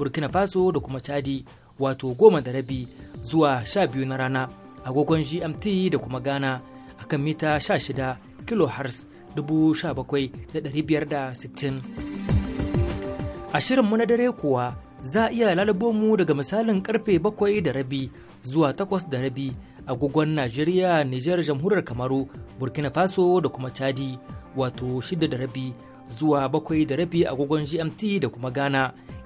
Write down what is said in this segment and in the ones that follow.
burkina faso da kuma chadi wato goma da rabi zuwa sha biyu na rana agogon gmt da kuma ghana a kan mita 16 kilohertz 17,560 a shirinmu na dare kuwa za a iya lalabo mu daga misalin karfe bakwai da rabi zuwa takwas da rabi agogon najeriya nijar jamhuriyar kamaru burkina faso da kuma chadi wato shida da rabi zuwa bakwai da rabi agogon gmt da kuma ghana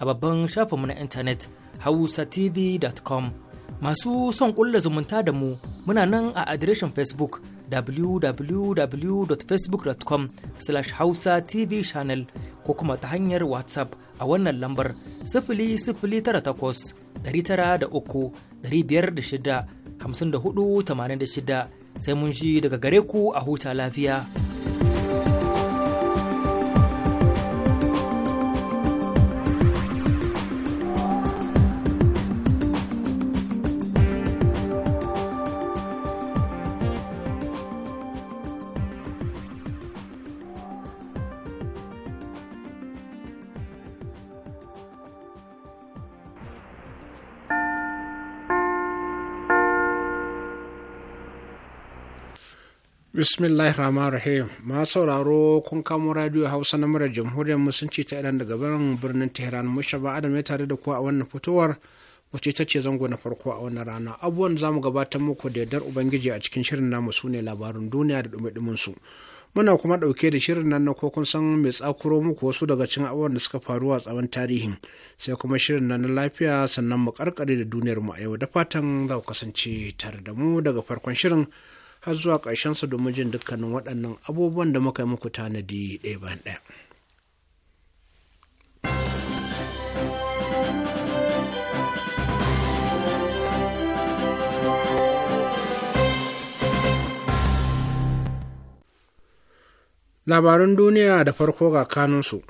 a babban shafinmu na intanet hausatv.com masu son kulla zumunta da mu muna nan a adireshin facebook www.facebook.com slash hausa tv channel ko kuma ta hanyar whatsapp a wannan lambar sifili sifili da takwas tara uku biyar shida hamsin da sai mun ji daga gare ku a huta lafiya. bismillahir rama rahim ma sauraro kun kamo radio hausa na murar jamhuriyar musulunci ta idan daga birnin birnin tehran mushaba adam ya tare da ku a wannan fitowar wacce ta ce zango na farko a wannan rana abubuwan za mu gabatar muku da yardar ubangiji a cikin shirin namu su ne labarin duniya da dumi su muna kuma ɗauke da shirin nan na kun san mai tsakuro muku wasu daga cikin abubuwan da suka faru a tsawon tarihin sai kuma shirin nan na lafiya sannan mu karkare da duniyar mu a yau da fatan za ku kasance tare da mu daga farkon shirin har zuwa ƙarshen ƙarshensa domin jin dukkanin waɗannan abubuwan da muka yi muku tanadi ɗaya bayan ɗaya. Labarin duniya da farko ga kanunsu.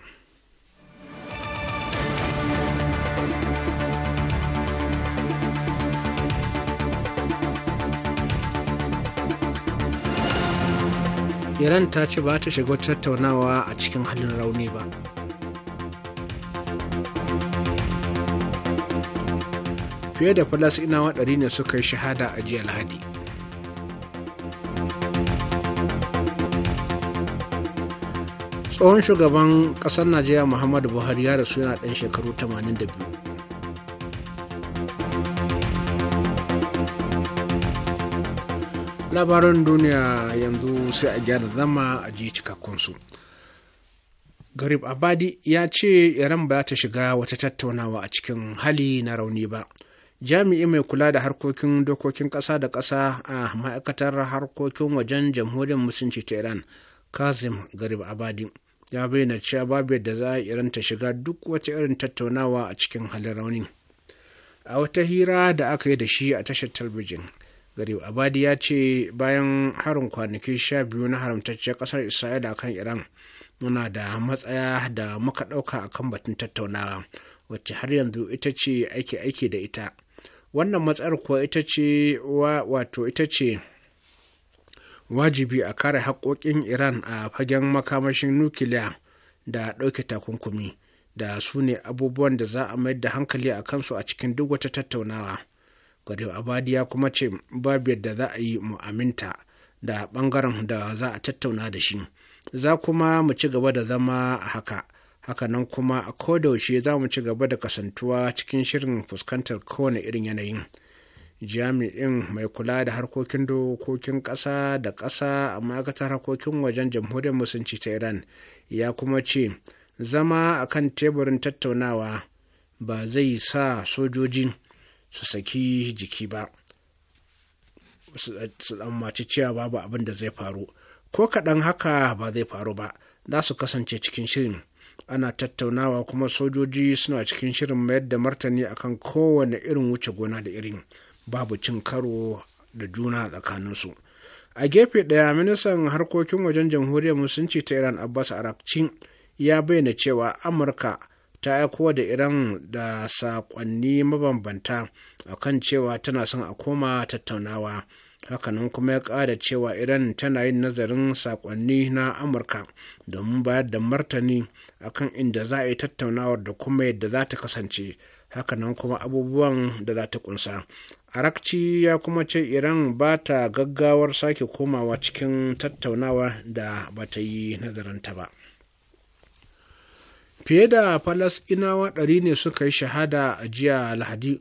iran ta ce ba ta shiga tattaunawa a cikin halin rauni ba fiye da falasinawa ɗari ne suka yi shahada a jiya lahadi tsohon shugaban ƙasar najeriya muhammadu buhari ya rasu yana ɗan shekaru 82 labaran duniya yanzu sai a gyara zama a ji cikakkunsu garib abadi ya ce iran ba ta shiga wata tattaunawa a cikin hali na rauni ba jami'i mai kula da harkokin dokokin kasa da kasa a ma'aikatar harkokin wajen jamhuriyar musulunci ta iran kazim garib abadi ya bayyana cewa babu yadda za a iran ta shiga duk wata irin tattaunawa a cikin halin rauni a wata hira da aka yi da shi a tashar talbijin garib abadi ya ce bayan harin kwanaki sha biyu na haramtacciyar kasar isra'ila kan iran muna da matsaya da muka ɗauka kan batun tattaunawa wacce har yanzu ita ce aiki aiki da ita wannan matsayar kuwa ita ce wato ita ce wajibi a kare haƙoƙin iran a fagen makamashin nukiliya da ɗauke takunkumi da su ne abubuwan da za a mayar da hankali a kansu a cikin duk wata tattaunawa Gwadib Abadi ya kuma ce babu yadda za a yi mu aminta da bangaren da za a tattauna da shi. Za kuma mu ci gaba da zama a haka. haka nan kuma a kodaushe za mu ci gaba da kasantuwa cikin shirin fuskantar kowane irin yanayin. jami'in mai kula da harkokin dokokin ƙasa da ƙasa a ma'aikatar harkokin wajen jamhuriyar musulunci ta iran ya kuma ce zama a kan teburin tattaunawa ba zai sa sojojin. su saki jiki ba su dan cewa babu abin da zai faru ko kaɗan haka ba zai faru ba za su kasance cikin shirin ana tattaunawa kuma sojoji suna cikin shirin mayar da martani akan kowane irin wuce gona da irin babu cin karo da juna tsakaninsu a gefe ɗaya ministan harkokin wajen jamhuriyar musulunci ta iran abbas Arakcin ya bayyana cewa amurka ta aiko da iran da saƙonni mabambanta a kan cewa tana son a koma tattaunawa hakanan kuma ya ƙara cewa iran tana yin nazarin saƙonni na amurka domin bayar da martani akan inda za a yi tattaunawar da kuma yadda za ta kasance hakanan kuma abubuwan da za ta kunsa arakci ya kuma ce iran ba ta gaggawar sake komawa cikin tattaunawa da ba ta yi nazarinta ba fiye da falasɗinawa ɗari ne suka yi shahada a jiya lahadi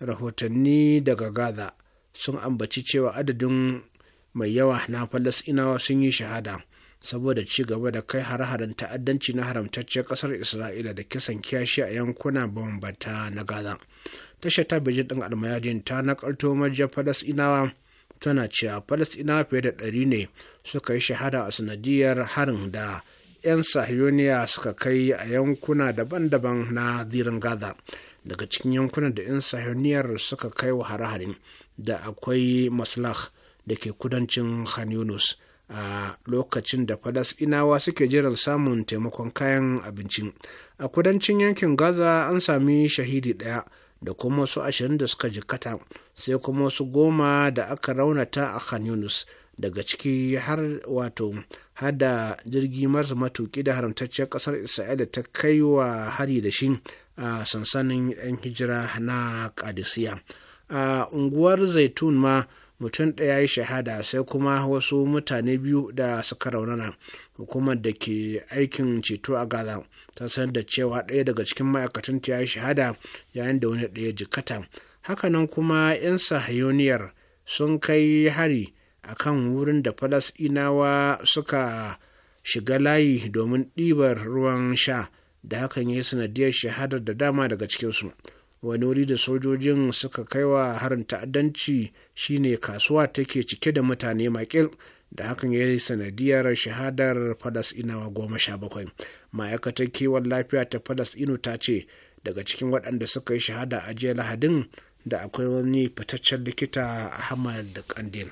rahotanni daga gaza sun ambaci cewa adadin mai yawa na falas'inawa sun yi shahada saboda ci gaba da kai har-haren ta'addanci na haramtacciyar ƙasar isra'ila da kisan kiyashi a yankuna bambanta na gaza tashar bejin ɗin almayadin ta naƙarto majiyar falasɗinawa tana cewa falas'inawa fiye da ɗari ne suka yi shahada a sanadiyar harin da 'yan sahiyoniya suka kai a yankuna daban-daban na zirin gaza daga cikin yankuna da 'yan sahiyoniyar suka kai wa hare da akwai maslach da ke kudancin khan a lokacin da falasɗinawa suke jiran samun taimakon kayan abinci a kudancin yankin gaza an sami shahidi ɗaya da kuma wasu ashirin da suka jikata sai kuma wasu goma da aka raunata a khan daga ciki har wato hada jirgi marasa matuki da haramtacciyar kasar isra'ila ta kai wa hari da shi a sansanin yan hijira na kadisiya a unguwar zaitun ma mutum ɗaya ya shahada sai kuma wasu mutane biyu da suka raunana hukumar da ke aikin ceto a gaza ta san da cewa ɗaya daga cikin ma'aikatan ta ya shahada yayin da wani ɗaya jikata hakanan kuma 'yan sahayoniyar sun kai hari a kan wurin da falasɗinawa suka shiga layi domin ɗibar ruwan sha da hakan ya sanadiyar shahadar da dama daga cikinsu wani wuri da sojojin suka kai wa harin ta'addanci shine kasuwa take cike da mutane makil da hakan ya yi sanadiyar shahadar falasinawa goma sha bakwai ma'aikatar kiwon lafiya ta falasinu ta ce daga cikin waɗanda suka yi shahada a jiya lahadin da akwai wani fitaccen likita ahmad kandil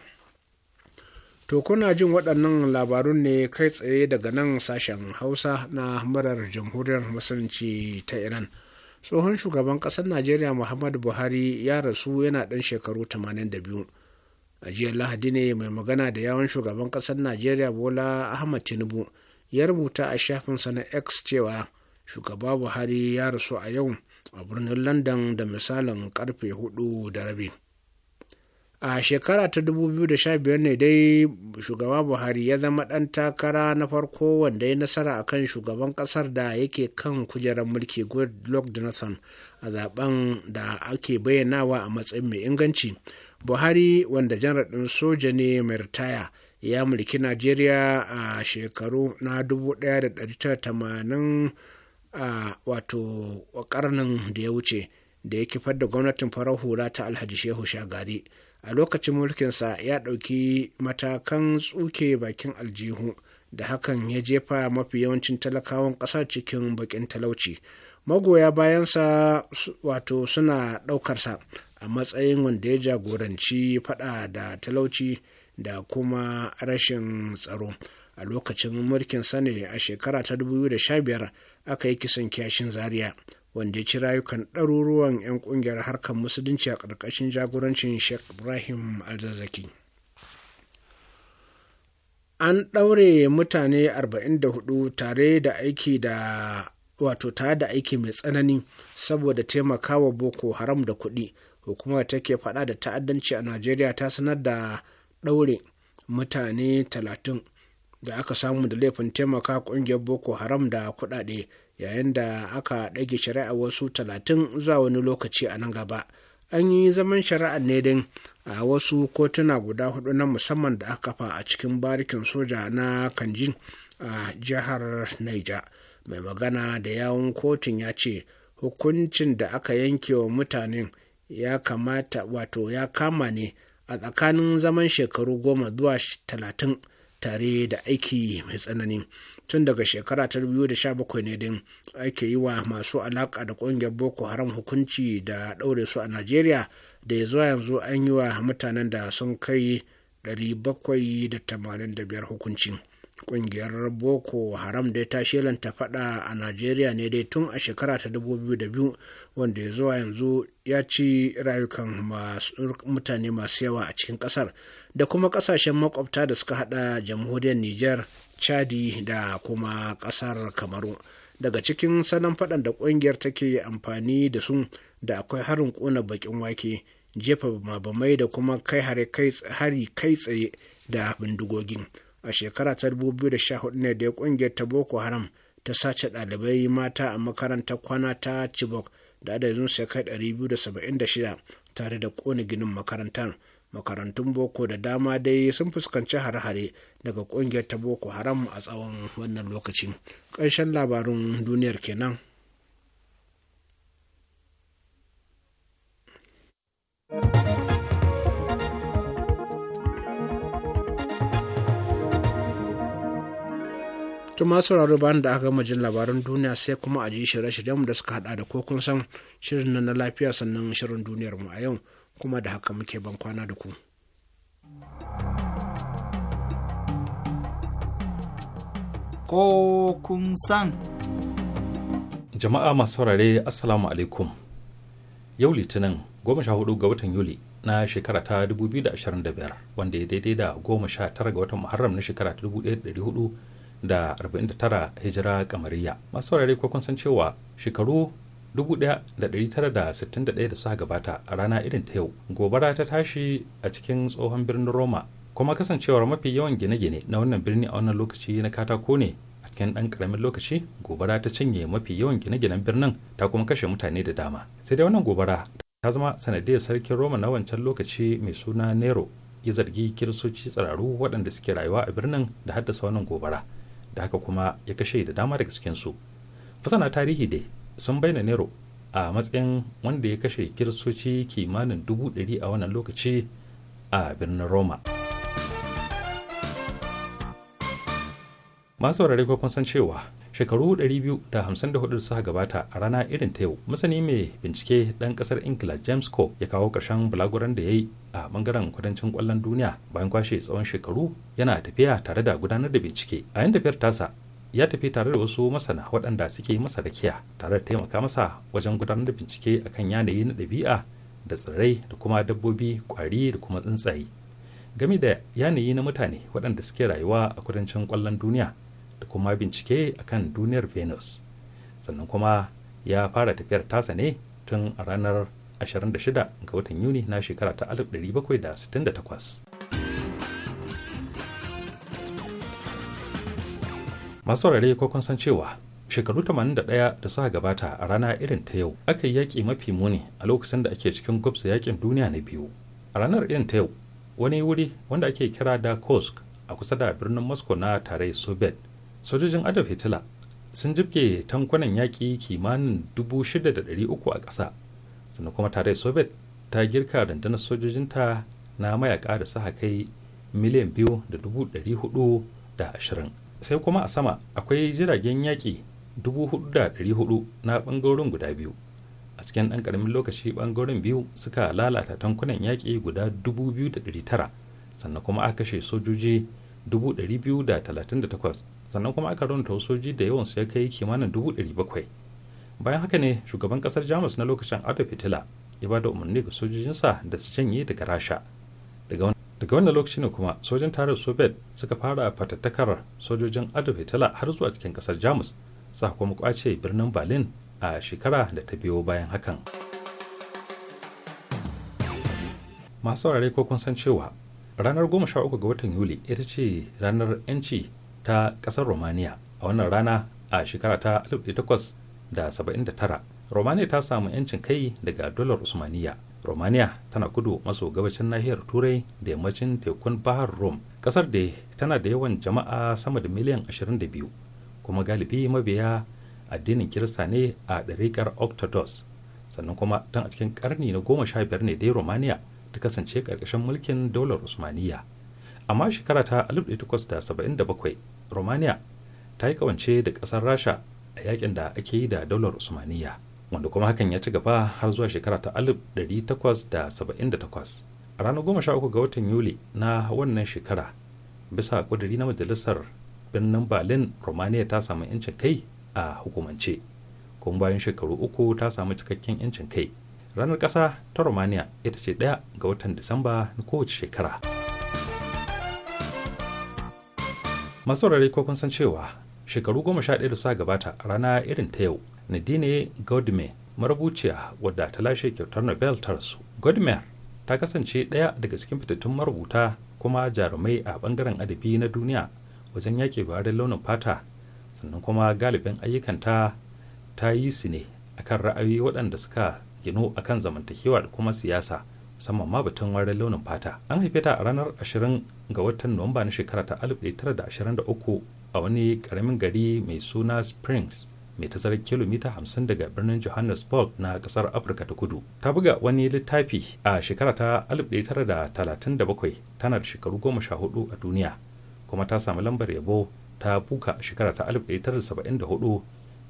To kuna jin waɗannan labarun ne kai tsaye daga nan sashen Hausa na murar jamhuriyar musulunci ta Iran. Tsohon shugaban ƙasar Najeriya Muhammadu Buhari ya rasu yana ɗan shekaru 82. A jiya Lahadi ne mai magana da yawon shugaban ƙasar Najeriya Bola Ahmad Tinubu ya rubuta a shafinsa na X cewa shugaba Buhari ya rasu a yau a birnin London da misalin karfe hudu da rabi. a shekara ta 2015 ne dai shugaba buhari ya zama ɗan takara na farko wanda ya nasara a kan shugaban ƙasar da yake kan kujerar mulki goodluck jonathan a zaben da ake bayyanawa a matsayin mai inganci buhari wanda janar ɗin soja ne mai ritaya ya mulki najeriya a shekaru na 1980 a wato karnin da ya wuce da ya kifar da gwamnatin farar hula ta alhaji shehu shagari a lokacin mulkinsa ya ɗauki matakan tsuke bakin aljihu da hakan ya jefa mafi yawancin talakawan ƙasa cikin bakin talauci magoya bayansa wato suna ɗaukarsa a matsayin wanda ya jagoranci fada da talauci da kuma rashin tsaro a lokacin mulkin ne a shekara ta 2015 aka yi kisan kyashin zaria wanda ya ci rayukan ɗaruruwan 'yan ƙungiyar harkar musulunci a ƙarƙashin jagorancin sheikh ibrahim alzazzaki an ɗaure mutane 44 tare da aiki da wato tare da aiki mai tsanani saboda taimakawa boko haram da kuɗi hukumar take faɗa da ta'addanci a najeriya ta sanar da ɗaure mutane 30 da aka samu da laifin taimaka ƙungiyar boko haram da kuɗaɗe yayin da aka ɗage shari'a wasu talatin zuwa wani lokaci a nan gaba an yi zaman shari'a ne din a wasu kotuna guda hudu na musamman da aka kafa a cikin barikin soja na kanjin a jihar naija mai magana da yawun kotun ya ce hukuncin da aka yanke wa mutanen ya kamata wato ya kama ne a tsakanin zaman shekaru goma zuwa talatin tare da aiki mai tsanani tun daga shekara ta 2017 ne din ake yi wa masu alaka da ƙungiyar boko haram hukunci da daure su a najeriya da ya zuwa yanzu an yi wa mutanen da sun kai 785 hukunci ƙungiyar boko haram da ta shelanta faɗa a najeriya ne dai tun a shekara ta 2002 wanda ya zuwa yanzu ya ci rayukan mutane masu yawa a cikin ƙasar da kuma ƙasashen makwabta da suka haɗa jamhuriyar niger chadi da kuma ƙasar kamaru daga cikin sanan faɗan da ƙungiyar take amfani da su da akwai harin kona bakin wake jefa mabamai da kuma kai hari kai tsaye da bindigogin a shekara ta 2014 ne da ƙungiyar ta boko haram ta sace ɗalibai mata a makarantar kwana ta chibok da adadin su 276 tare da ƙona ginin makarantar makarantun boko da dama dai sun fuskanci hare-hare daga kungiyar ta boko haram a tsawon wannan lokaci ƙarshen labarin duniyar kenan tuma sauraro bayan da aka majin labaran duniya sai kuma a ji shirye-shiryenmu da suka hada da kokun san shirin na lafiya sannan shirin duniyar mu a yau kuma da haka muke ban kwana da ku. Ko kun san. Jama'a masu saurare Assalamu alaikum. Yau Litinin goma sha hudu ga watan Yuli na shekara ta 2025 wanda ya daidai da goma sha tara ga watan Muharram na shekara ta 1449 hijira kamariya. Masu saurare ko kun san cewa shekaru 1961 da suka gabata a rana irin ta yau gobara ta tashi a cikin tsohon birnin roma kuma kasancewar mafi yawan gine-gine na wannan birni a wannan lokaci na katako ne a cikin ɗan ƙaramin lokaci gobara ta cinye mafi yawan gine-ginen birnin ta kuma kashe mutane da dama sai dai wannan gobara ta zama sanadiyar sarkin roma na wancan lokaci mai suna nero ya zargi kiristoci tsiraru waɗanda suke rayuwa a birnin da haddasa wannan gobara da haka kuma ya kashe da dama daga cikinsu fasana tarihi dai sun bayyana nero a matsayin wanda ya kashe kiristoci kimanin dubu ɗari a wannan lokaci a birnin roma masu warare ko kun san cewa shekaru 254 da suka gabata a rana irin ta yau masani mai bincike ɗan ƙasar ingila james co ya kawo ƙarshen bulaguran da ya yi a bangaren kudancin ƙwallon duniya bayan kwashe tsawon shekaru yana tafiya tare da gudanar da bincike a yan tafiyar tasa ya tafi tare da wasu masana waɗanda suke masa rakiya tare da taimaka masa wajen gudanar da bincike akan yanayi na ɗabi'a da tsirrai da kuma dabbobi kwari da kuma tsuntsaye game da yanayi na mutane waɗanda suke rayuwa a kudancin ƙwallon duniya da kuma bincike akan duniyar venus sannan kuma ya fara tafiyar tasa ne tun a ranar 26 ga watan yuni na shekara ta 1768 masu rare ko kun san cewa shekaru 81 da suka gabata a rana irin ta yau aka yi yaki mafi muni a lokacin da ake cikin gwabsa yaƙin duniya na biyu a ranar irin ta yau wani wuri wanda ake kira da kosk a kusa da birnin moscow na tarayyar soviet sojojin adolf hitler sun jibge tankunan yaƙi kimanin 6,300 a ƙasa sannan kuma tarayyar soviet ta girka rundunar sojojinta na mayaƙa da suka kai miliyan biyu sai kuma a sama akwai jiragen yaƙi 4,400 na ɓangarorin guda biyu a cikin ɗan ƙaramin lokaci ɓangarorin biyu suka lalata tankunan yaƙi guda tara sannan kuma aka kashe sojoji 238 sannan kuma aka runta soji da yawansu ya kai kimanin bakwai bayan haka ne shugaban ƙasar jamus na lokacin adolf hitler ya ba da umarni ga sojojinsa da su janye daga rasha daga wani daga wannan lokaci ne kuma sojin tarayyar soviet suka fara fatattakar sojojin adolf hitler har zuwa cikin kasar jamus sa kuma kwace birnin berlin a shekara da ta biyo bayan hakan masu saurare ko kun san cewa ranar 13 ga watan yuli ita ce ranar 'yanci ta kasar romania a wannan rana a shekara ta 1879 romania ta samu 'yancin kai daga dolar usmaniya romania tana kudu maso gabashin nahiyar turai da yammacin tekun bahar rom kasar da tana da yawan jama'a sama da miliyan 22 kuma galibi mabiya addinin kirista ne a ɗariƙar octodos sannan kuma tun a cikin ƙarni na goma sha biyar ne dai romania ta kasance ƙarƙashin mulkin daular usmaniya amma shekara ta 1877 romania ta yi kawance da ƙasar rasha a yakin da ake yi da daular usmaniya wanda kuma hakan ya ci gaba har zuwa shekara ta 1878 a ranar uku ga watan yuli na wannan shekara bisa kuduri na majalisar birnin berlin romania ta samu yancin kai a hukumance kuma bayan shekaru uku ta samu cikakken yancin kai ranar ƙasa ta romania ita ce ɗaya ga watan disamba na kowace shekara masu ko kun san cewa shekaru goma sha ɗaya da sa gabata rana irin ta yau nadine godme marubuciya wadda ta lashe kyautar nobel ta rasu godmer ta kasance ɗaya daga cikin fitattun marubuta kuma jarumai a ɓangaren adabi na duniya wajen yake bayarin launin fata sannan kuma galibin ayyukanta ta yi su ne akan ra'ayoyi waɗanda suka ginu akan zamantakewa da kuma siyasa musamman ma batun warin launin fata an haife ta a ranar 20 ga watan nuwamba na shekara ta 1923 a wani karamin gari mai suna springs mai tazarar kilomita 50 daga birnin johannesburg na kasar afirka ta kudu ta buga wani littafi a shekara ta 1937 tana da shekaru 14 a duniya kuma ta samu lambar yabo ta buka a shekara ta 1974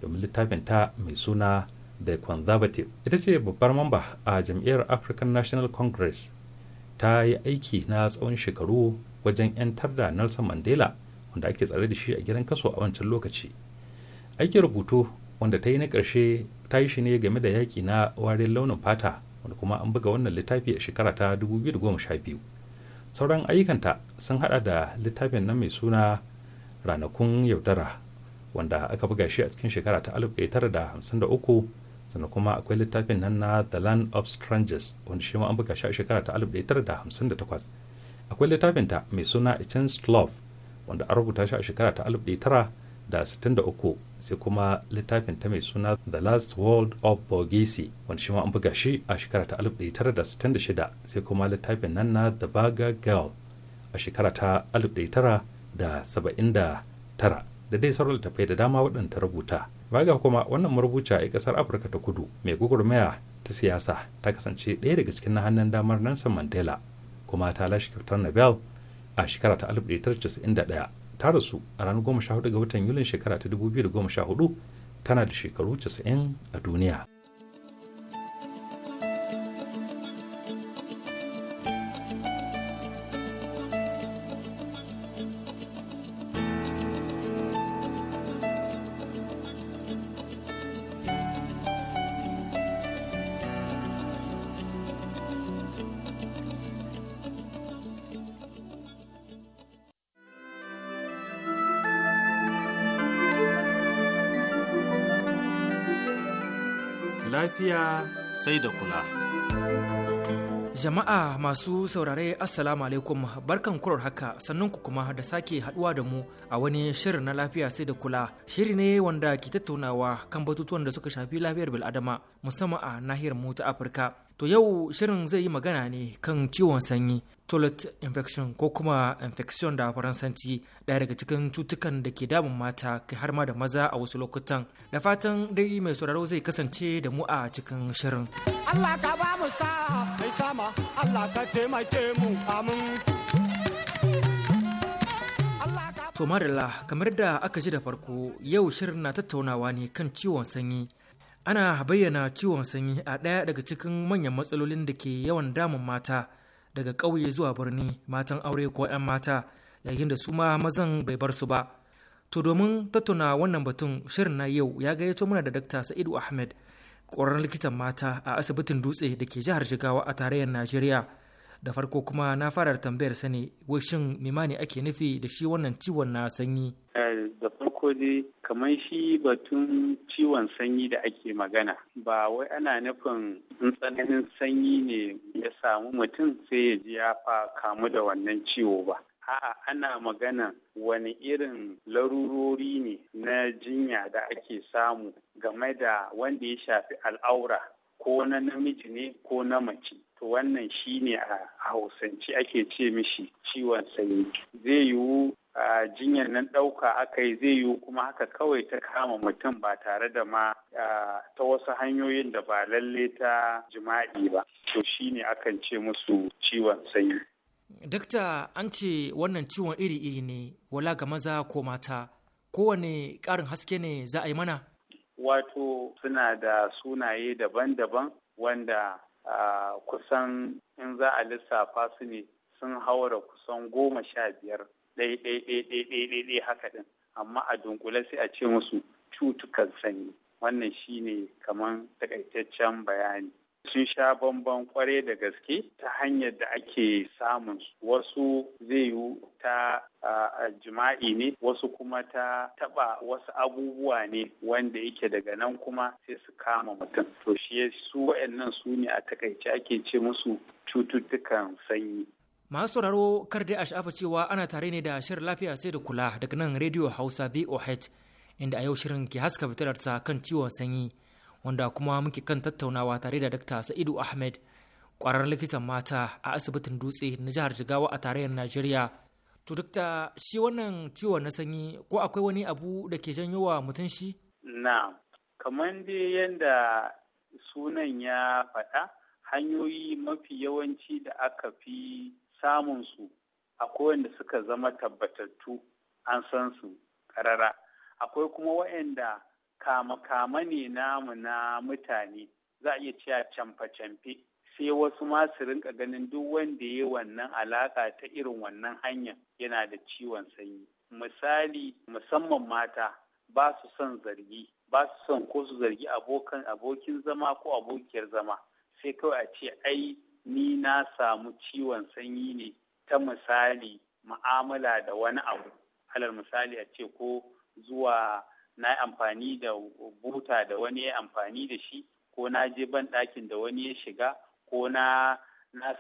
domin littafin ta mai suna the conservative ita ce babbar mamba a jam'iyyar african national congress ta yi aiki na tsawon shekaru wajen 'yantar da nelson mandela wanda ake tsare da shi a gidan kaso a wancan lokaci aikin rubutu wanda ta yi na ƙarshe ta yi shi ne game da yaƙi na warin launin fata wanda kuma an buga wannan littafi a shekara ta 2012 sauran ayyukanta sun hada da littafin nan mai suna ranakun yaudara wanda aka buga shi a cikin shekara ta 1953 sannan kuma akwai littafin nan na the land of strangers wanda shi ma an buga shi a shekara ta 1958 akwai littafinta mai suna a chance love wanda an rubuta shi a shekara ta 1900 da 63 sai kuma littafin ta mai suna The Last World of Borghese wani shi ma an buga shi a shekara ta 1966 sai kuma littafin nan na The Burger Girl a shekara ta 1979 da dai sauran littafai da dama waɗanda rubuta baga kuma wannan marubuca a ƙasar afirka ta kudu mai gugurmaya ta siyasa ta kasance ɗaya daga cikin na hannun damar nelson mandela kuma ta lashe kyautar nobel a shekara ta 1991 ta rasu a ranar goma 14 ga watan yulin shekara ta hudu tana da shekaru casa'in a duniya. sai da kula. Jama'a masu saurare Assalamu alaikum barkan kurar haka sannan ku kuma da sake haduwa da mu a wani shirin na lafiya sai da kula shiri ne wanda ke tattaunawa kan batutuwan da suka shafi lafiyar bil'adama musamman a nahiyar mu ta Afirka. To yau shirin zai yi magana ne kan ciwon sanyi toilet infection ko kuma infection da faransanci ɗaya daga cikin cutukan da ke damun mata kai har ma da maza a wasu lokutan da fatan dai mai sauraro zai kasance da mu a cikin shirin Allah ka ba mu mai sama Allah ka taimake mu amin To madalla kamar da aka ji da farko yau shirin na tattaunawa ne kan ciwon sanyi ana bayyana ciwon sanyi a ɗaya daga cikin manyan matsalolin da ke yawan damun mata daga ƙauye zuwa birni matan aure ko 'yan mata yayin da su ma mazan bai bar su ba to domin tattuna wannan batun shirin na yau ya gayyato mana da dakta sa'idu ahmed ƙwararren likitan mata a asibitin dutse da ke jihar jigawa a tarayyar najeriya da farko kuma na fara tambayar sani wai shin mimani ake nufi da shi wannan ciwon na sanyi eh, farko dai kamar shi batun ciwon sanyi da ake magana ba wai ana nufin in tsananin sanyi ne ya samu mutum sai ya ji ya fa kamu da wannan ciwo ba a'a ana magana wani irin larurori ne na jinya da ake samu game da wanda ya shafi al'aura ko na namiji ne ko na mace to wannan shi ne a hausance ake ce mishi ciwon sanyi zai yiwu jinyar nan ɗauka aka yi zai yiwu kuma haka kawai ta kama mutum ba tare da ma ta wasu hanyoyin da ba lalle ta jima'i ba to shine akan ce musu ciwon sanyi dakta an ce wannan ciwon iri iri ne wala ga maza ko mata kowane ƙarin haske ne za a yi mana wato suna da sunaye daban-daban wanda kusan in za a lissafa su ne sun haura kusan goma sha biyar ɗai haka ɗin amma a dunkule sai a ce musu cutukan sanyi wannan shine kaman takaitaccen bayani sun sha bamban kware da gaske ta hanyar da ake samun wasu zai yi ta jima'i ne wasu kuma ta taba wasu abubuwa ne wanda yake daga nan kuma sai su kama mutum to shi su wa'annan su ne a takaice ake ce musu cututtukan sanyi Masu sauraro kar dai a sha'afa cewa ana tare ne da shirin lafiya sai da kula daga nan rediyo Hausa VOH inda a yau shirin ke haska fitilarsa kan ciwon sanyi wanda kuma muke kan tattaunawa tare da Dr. Sa'idu Ahmed kwarar likitan mata a asibitin dutse na jihar Jigawa a tarayyar Najeriya. To dukta shi wannan ciwon na sanyi ko akwai wani abu da ke janyo wa mutum shi? Na, kamar dai yadda sunan ya faɗa hanyoyi mafi yawanci da aka fi samunsu akwai wanda suka zama tabbatattu an san su karara akwai kuma waɗanda kama-kama ne namu na mutane za a iya cewa camfe-camfe sai wasu ma su rinka ganin duk wanda ya wannan alaƙa ta irin wannan hanya yana da ciwon sanyi misali musamman mata ba su son zargi ba su son ko su zargi abokin zama ko abokiyar zama sai kawai a ce ai ni na samu ciwon sanyi ne ta misali ma'amala da wani abu alal misali a ce ko zuwa na amfani da buta da wani ya amfani da shi ko na je ban ɗakin da wani ya shiga ko na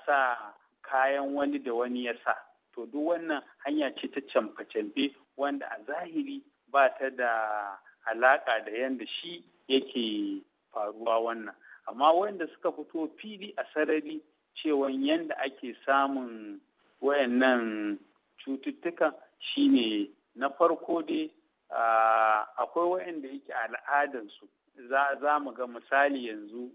sa kayan wani da wani ya sa to duk wannan hanya ce ta camfe-camfe wanda a zahiri ba ta da alaƙa da yadda shi yake faruwa wannan amma wanda suka fito fili a sarari cewa yadda ake samun wayannan cututtuka shine na farko dai akwai wayanda yake al'adansu za mu ga misali yanzu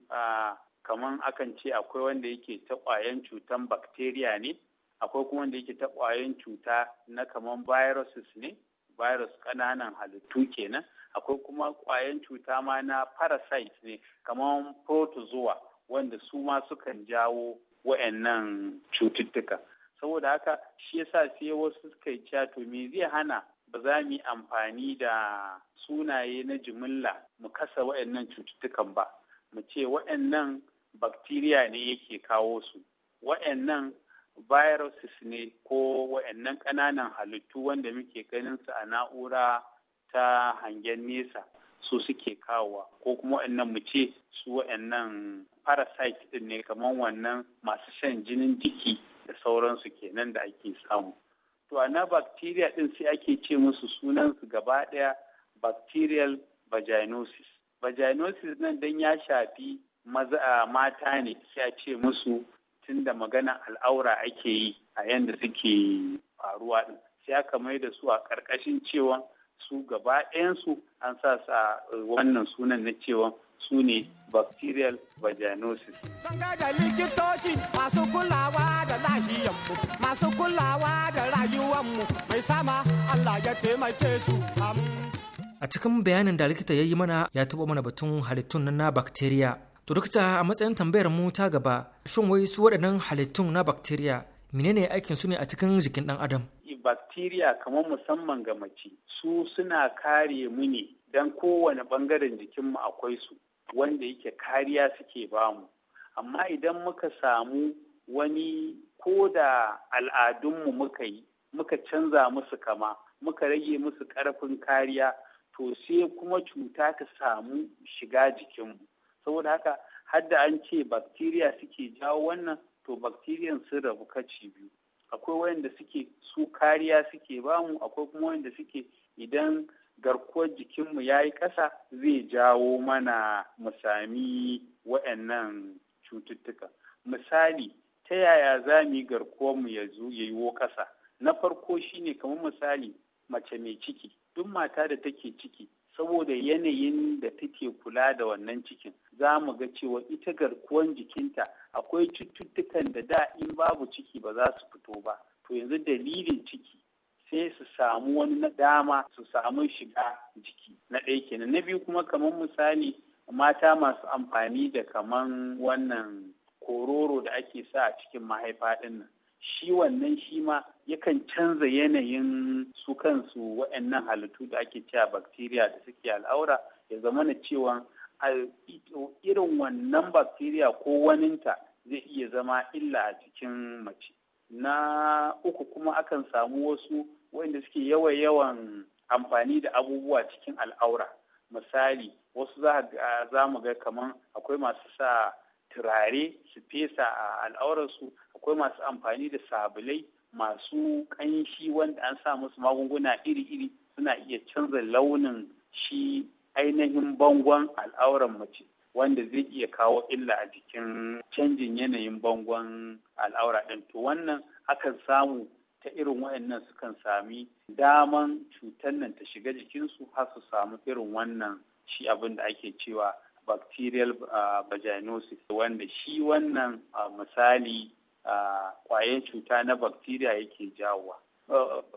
kaman akan ce akwai wanda yake ta ƙwayan cutan bakteriya ne akwai kuma wanda yake ta ƙwayan cuta na kaman viruses ne virus ƙananan halittu kenan akwai kuma kwayan cuta ma na parasites ne kaman protozoa wanda su ma sukan jawo wa'annan cututtuka saboda haka shi yasa sai wasu suka yi to me zai hana ba za mu yi amfani da sunaye na jimilla mu kasa wa'annan cututtukan ba mu ce wa'annan bakteriya ne yake kawo su wa'annan viruses ne ko wa'annan ƙananan halittu wanda muke ganin su a na'ura ta hangen nesa su suke kawowa ko kuma wa'annan mu ce su wa'annan parasite din ne kamar wannan masu shan jinin jiki da sauransu kenan da ake samu to ana bacteria din sai ake ce musu sunansu gaba ɗaya bacterial vaginosis vaginosis nan dan ya shafi maza mata ne sai a ce musu tunda magana al'aura ake yi a yanda suke faruwa din sai aka mai da su a ƙarƙashin cewa su gaba ɗayansu an sa sa eh, wannan sunan na cewa su ne bacterial vaginosis. Sun da likitoci masu kulawa da lahiyanmu, masu kulawa da rayuwanmu mai sama Allah ya taimake su A cikin bayanin da likita ya yi mana ya taɓa mana batun halittun na bacteria. To dokta a matsayin tambayar mu ta gaba, shin wai su waɗannan halittun na bacteria menene aikin su ne a cikin jikin ɗan adam? bacteria kamar musamman ga mace su suna kare mu ne don kowane ɓangaren jikinmu akwai su wanda yake kariya suke bamu amma idan muka samu wani ko da al'adunmu muka yi muka canza musu kama muka rage musu ƙarfin kariya to sai kuma cuta ta samu shiga jikinmu saboda haka hadda an ce bakteriya suke jawo wannan to bakteriyan sun rabu kaci biyu akwai wayanda suke su kariya suke bamu akwai kuma wayanda suke idan garkuwar jikinmu ya yi ƙasa zai jawo mana mu sami wayannan cututtuka misali ta yaya za mu yi garkuwarmu ya yiwo ƙasa na farko shine kamar misali mace mai ciki duk mata da take ciki saboda yanayin da take kula da wannan cikin za mu ga cewa ita garkuwar jikinta akwai cututtukan da da in babu ciki ba za su fito ba to yanzu dalilin ciki sai su samu wani na dama su samu shiga jiki na ɗaya kenan na biyu kuma kamar misali mata masu amfani da kaman wannan kororo da ake sa a cikin mahaifa ɗin nan shi wannan shi ma yakan canza yanayin su kansu wa'annan halittu da ake cewa bacteria da suke al'aura ya zama na cewa a irin wannan bacteria ko waninta zai iya zama illa a cikin mace na uku kuma akan samu wasu wanda suke yawan yawan amfani da abubuwa cikin al'aura misali wasu za mu ga kamar akwai masu sa turare su fesa a al'aurarsu akwai masu amfani da sabulai masu ƙanshi wanda an sa musu magunguna iri-iri suna iya canza launin shi ainihin bangon al'auran mace wanda zai iya kawo illa a jikin canjin yanayin bangon al'aura ɗin to wannan akan samu ta irin waɗannan sukan sami daman cutar nan ta shiga jikinsu har su samu irin wannan shi abin da ake cewa bacterial vaginosis wanda shi wannan misali kwayan cuta na bacteria yake jawowa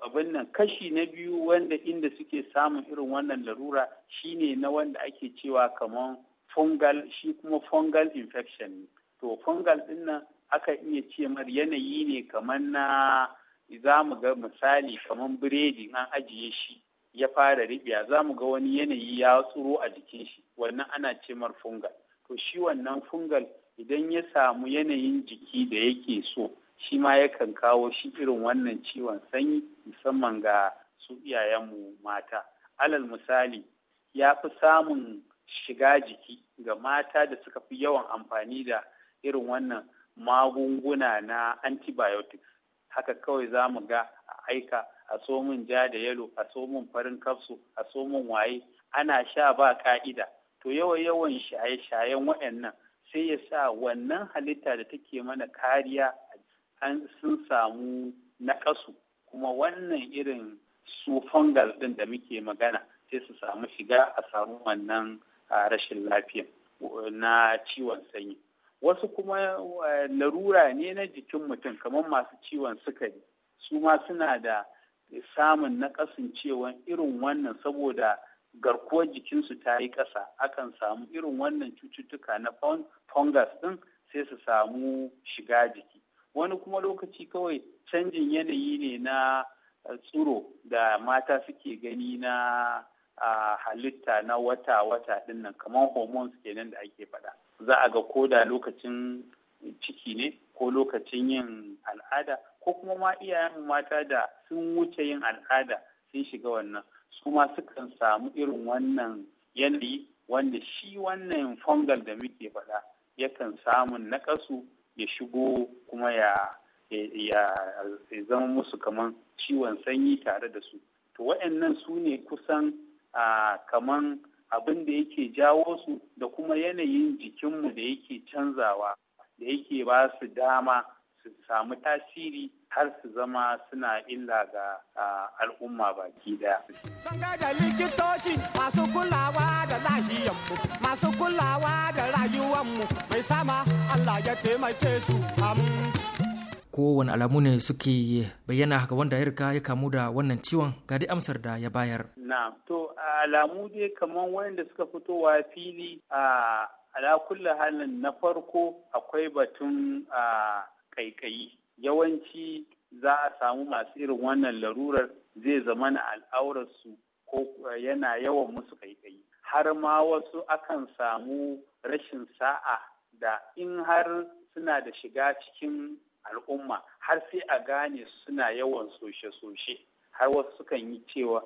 abin nan kashi na biyu wanda inda suke samun irin wannan larura shine na wanda ake cewa kamar fungal shi kuma fungal infection ne to fungal din nan aka iya ce mar yanayi ne kamar na za mu ga misali kamar biredi an ajiye shi ya fara ribiya za mu ga wani yanayi ya tsuro a jikin shi wannan ana ce mar fungal to shi wannan fungal idan ya samu yanayin jiki da yake so shi ma yakan kawo shi irin wannan ciwon sanyi musamman ga su iyayenmu mata alal misali ya fi samun shiga jiki ga mata da suka fi yawan amfani da irin wannan magunguna na antibiotics haka kawai za mu ga a aika a somin ja da yalo a somin farin kafsu a somin waye ana sha ba ka'ida to yawan yawan shaye-shayen waɗannan sai ya sa wannan halitta da take mana kariya a an sun samu naƙasu kuma wannan irin su fungal ɗin da muke magana sai su samu shiga a samu wannan rashin lafiya na ciwon sanyi wasu kuma larura ne na jikin mutum kamar masu ciwon sukari su ma suna da samun na cewa irin wannan saboda garkuwar jikinsu ta yi ƙasa akan samu irin wannan cututtuka na fungus ɗin sai su samu shiga jiki wani kuma lokaci kawai canjin yanayi ne na eh, tsuro da mata suke gani na ah, halitta na wata-wata dinnan kamar hormones kenan da ake faɗa za a ga ko da lokacin ciki ne ko lokacin yin al'ada ko kuma ma iyayen mata da sun wuce yin al'ada sun shiga wannan su ma sukan samu irin wannan yanayi wanda shi wannan fungal da muke faɗa yakan samun naƙasu ya shigo kuma ya zama musu kamar ciwon sanyi tare da su to waɗannan su ne kusan kaman abin da yake jawo su da kuma yanayin jikinmu da yake canzawa da yake ba su dama su samu tasiri har su zama suna illa ga al'umma baki daya. Sun da likitoci masu kulawa da lahiyanmu, masu kulawa da rayuwanmu mai sama Allah ya taimake su kowane alamu ne suke bayyana haka wanda ya riga ya kamu da wannan ciwon ga amsar da ya bayar. Na, to alamu dai kamar wanda suka fitowa fili a ala halin na farko akwai batun a kaikayi yawanci za a samu masu irin wannan larurar zai zama na al'aurarsu ko yana yawan musu kaikayi har ma wasu akan samu rashin sa'a da in har suna da shiga cikin al'umma har sai a gane suna yawan soshe-soshe har wasu sukan yi cewa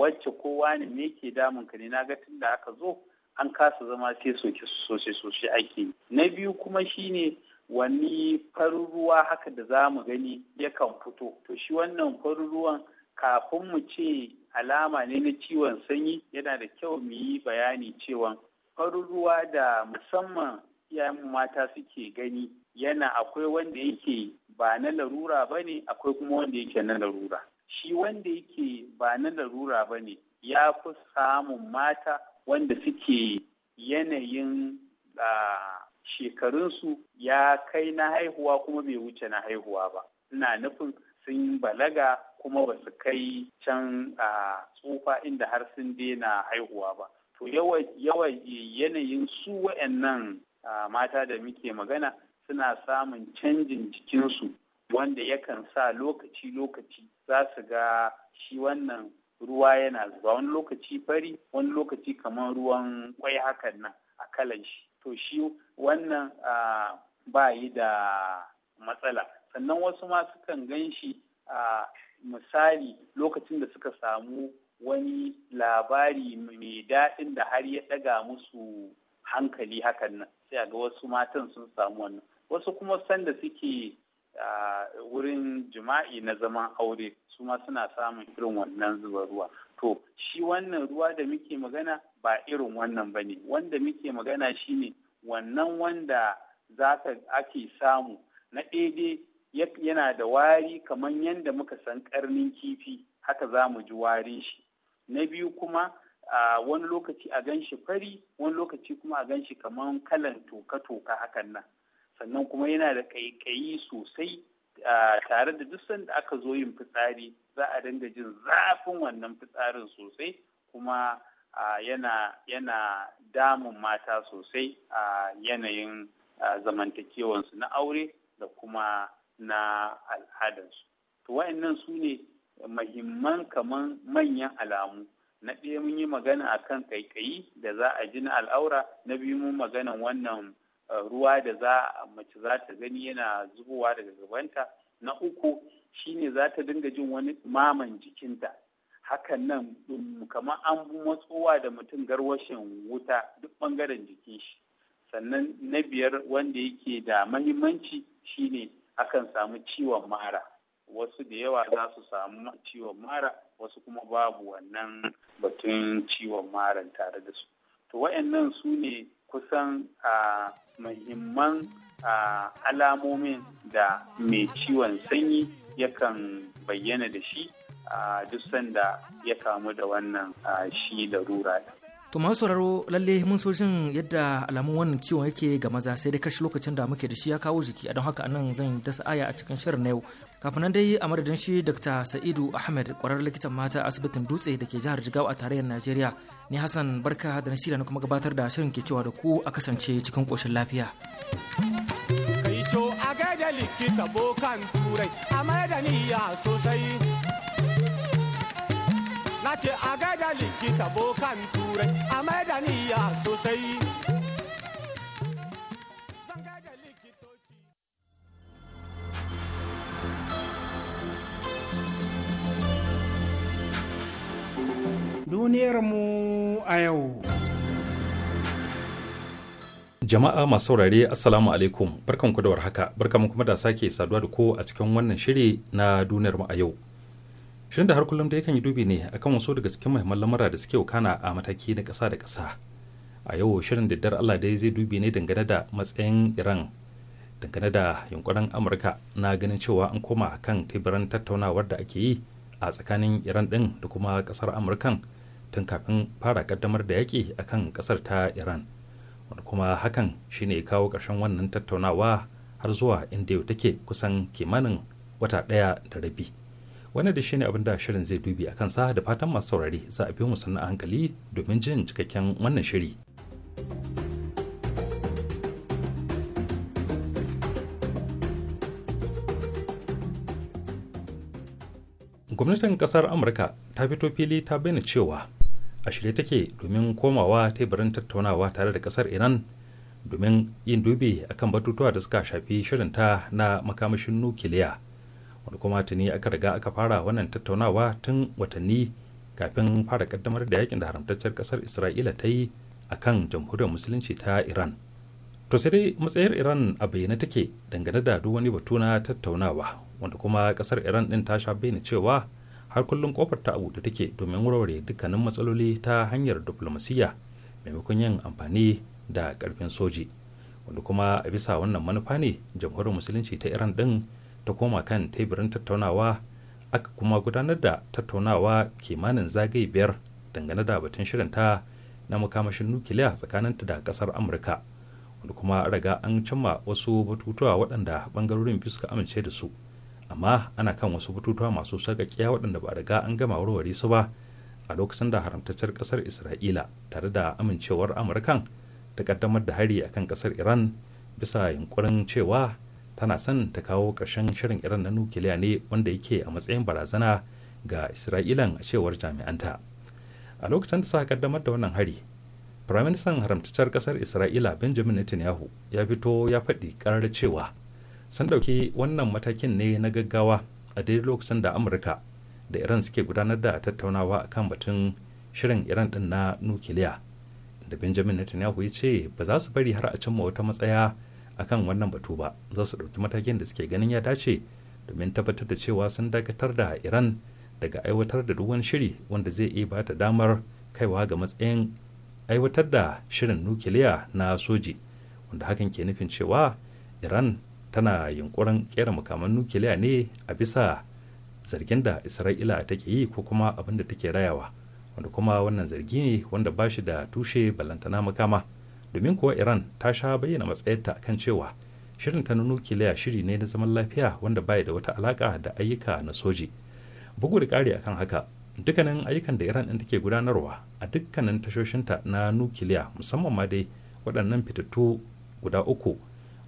wacce kowa ne me ke damun ka ne na ga tun da aka zo an kasa zama sai soke soshe soshe ake na biyu kuma shine wani farin ruwa haka da za mu gani yakan fito to shi wannan farin ruwan kafin mu ce alama ne na ciwon sanyi yana da kyau mu yi bayani cewa farin ruwa da musamman iyayen mata suke gani yana akwai wanda yake ba na larura ba ne akwai kuma wanda yake na larura shi wanda yake ba na larura ba ne ya fi samun mata wanda suke yanayin uh, shekarunsu ya kai na haihuwa kuma bai wuce na haihuwa ba ina nufin sun yi balaga kuma ba su kai can a tsufa inda har sun daina haihuwa ba to yawan yanayin su wa'annan mata da muke magana suna samun canjin jikinsu wanda yakan sa lokaci-lokaci za su ga shi wannan ruwa yana zuwa. wani lokaci fari wani lokaci kamar ruwan kwai hakan nan a kalan shi to shi wannan ba yi da matsala sannan wasu ma sukan gan shi a misali lokacin da suka samu wani labari mai daɗin da har ya ɗaga musu hankali hakan nan sai ga wasu matan sun samu wannan wasu kuma sanda suke a wurin jima'i na zaman aure su ma suna samun irin wannan zuba ruwa to shi wannan ruwa da muke magana ba irin wannan ba ne wanda muke magana shine wannan wanda za ka ake samu na daidai yana da wari kamar yadda muka san karnin kifi haka za mu ji warin shi na biyu kuma a wani lokaci a gan shi fari wani lokaci kuma a gan shi kamar kalan toka-toka hakan nan sannan kuma yana da ƙaiƙayi sosai tare da duk sanda aka zo yin fitsari za a dinga jin zafin wannan fitsarin sosai kuma yana yana damun mata sosai a yanayin zamantakewansu na aure da kuma na al'adansu to nan su ne mahimman kaman manyan alamu na ɗaya mun yi magana a kan kaikayi da za a ji na al'aura na biyu mun magana wannan ruwa da za a mace za ta gani yana zubowa daga gabanta na uku shine za ta dinga jin wani maman jikinta hakan nan mm, kamar an matsowa da mutum garwashin wuta duk bangaren jikin shi sannan na biyar wanda yake da mahimmanci shine akan samu ciwon mara wasu da yawa za su samu ciwon mara wasu kuma babu wannan batun ciwon maran tare da su to wayannan su ne kusan a muhimman alamomin da mai ciwon sanyi yakan bayyana da shi a duk sanda ya kamu da wannan shi rura To masu sauraro lalle mun so jin yadda alamun wannan ciwon yake ga maza sai dai kashe lokacin da muke da shi ya kawo jiki a don haka anan zan dasa aya a cikin shirin na yau. Kafin nan dai a madadin shi Dr. Sa'idu Ahmed kwararren likitan mata a asibitin Dutse da ke jihar Jigawa a tarayyar Najeriya. Ni Hassan Barka da Nasira na kuma gabatar da shirin ke cewa da ku a kasance cikin koshin lafiya. Kai to a da likita bokan turai a madaniya sosai. na ce a gaida likita bokan turai a mai da niyya sosai duniyarmu a yau. Jama'a masu saurare Assalamu alaikum barkan da haka, barkanku kuma da sake saduwa da ko a cikin wannan shiri na duniyarmu a yau. shirin da har kullum da yakan yi dubi ne akan wasu daga cikin muhimman lamura da suke wakana a mataki na kasa da kasa a yau shirin daddar allah dai zai dubi ne dangane da matsayin iran dangane da yunkurin amurka na ganin cewa an koma kan teburan tattaunawar da ake yi a tsakanin iran din da kuma kasar amurkan tun kafin fara kaddamar da yaƙi akan ƙasar ta iran wanda kuma hakan shine kawo ƙarshen wannan tattaunawa har zuwa inda yau take kusan kimanin wata ɗaya da rabi wani da shine abin da shirin zai dubi a kansa da fatan masu saurari za a biyo mu sannan a hankali domin jin cikakken wannan shiri gwamnatin kasar amurka ta fito fili ta bayyana cewa a shirye take domin komawa teburin tattaunawa tare da kasar iran domin yin dubi akan batutuwa da suka shafi shirinta na makamashin nukiliya wani kuma tuni aka riga aka fara wannan tattaunawa tun watanni kafin fara kaddamar da yakin da haramtaccen kasar isra'ila ta yi a kan jamhuriyar musulunci ta iran to sai dai matsayar iran a bayyane take dangane da duk wani batu na tattaunawa wanda kuma kasar iran din ta sha bayyana cewa har kullum kofar ta abu da take domin warware dukkanin matsaloli ta hanyar diflomasiyya maimakon yin amfani da karfin soji wanda kuma a bisa wannan manufa ne jamhuriyar musulunci ta iran din ta koma kan teburin tattaunawa aka kuma gudanar da tattaunawa kimanin zagaye biyar dangane da batun shirinta na makamashin nukiliya tsakaninta da kasar amurka wanda kuma raga an cimma wasu batutuwa waɗanda bangarorin biyu suka amince da su amma ana kan wasu batutuwa masu sarƙaƙiya waɗanda ba riga an gama warware su ba a lokacin da haramtaccen ƙasar isra'ila tare da amincewar amurkan ta ƙaddamar da hari akan ƙasar iran bisa yunkurin cewa tana son ta kawo ƙarshen shirin iran na nukiliya ne wanda yake a matsayin barazana ga isra'ilan a cewar jami'anta a lokacin da suka kaddamar da wannan hari firaministan haramtacciyar ƙasar isra'ila benjamin netanyahu ya fito ya faɗi ƙarar cewa sun ɗauki wannan matakin ne na gaggawa a daidai lokacin da amurka da iran suke gudanar da tattaunawa a kan batun shirin iran din na nukiliya da benjamin netanyahu ya ce ba za su bari har a cimma wata matsaya akan wannan batu ba za su ɗauki matakin da suke ganin ya dace domin tabbatar da cewa sun dakatar da iran daga aiwatar da ruwan shiri wanda zai iya bata damar kaiwa ga matsayin aiwatar da shirin nukiliya na soji wanda hakan ke nufin cewa iran tana yunkurin kera makaman nukiliya ne a bisa zargin da isra'ila take yi ko kuma abin da take rayawa wanda kuma wannan zargi ne wanda ba shi da tushe balantana makama domin kuwa iran ta sha bayyana matsayarta kan cewa shirin ta na nukiliya shiri ne na zaman lafiya wanda baya da wata alaka da ayyuka na soji bugu da ƙari akan haka dukkanin ayyukan da iran ɗin take gudanarwa a dukkanin tashoshinta na nukiliya musamman ma dai waɗannan fitattu guda uku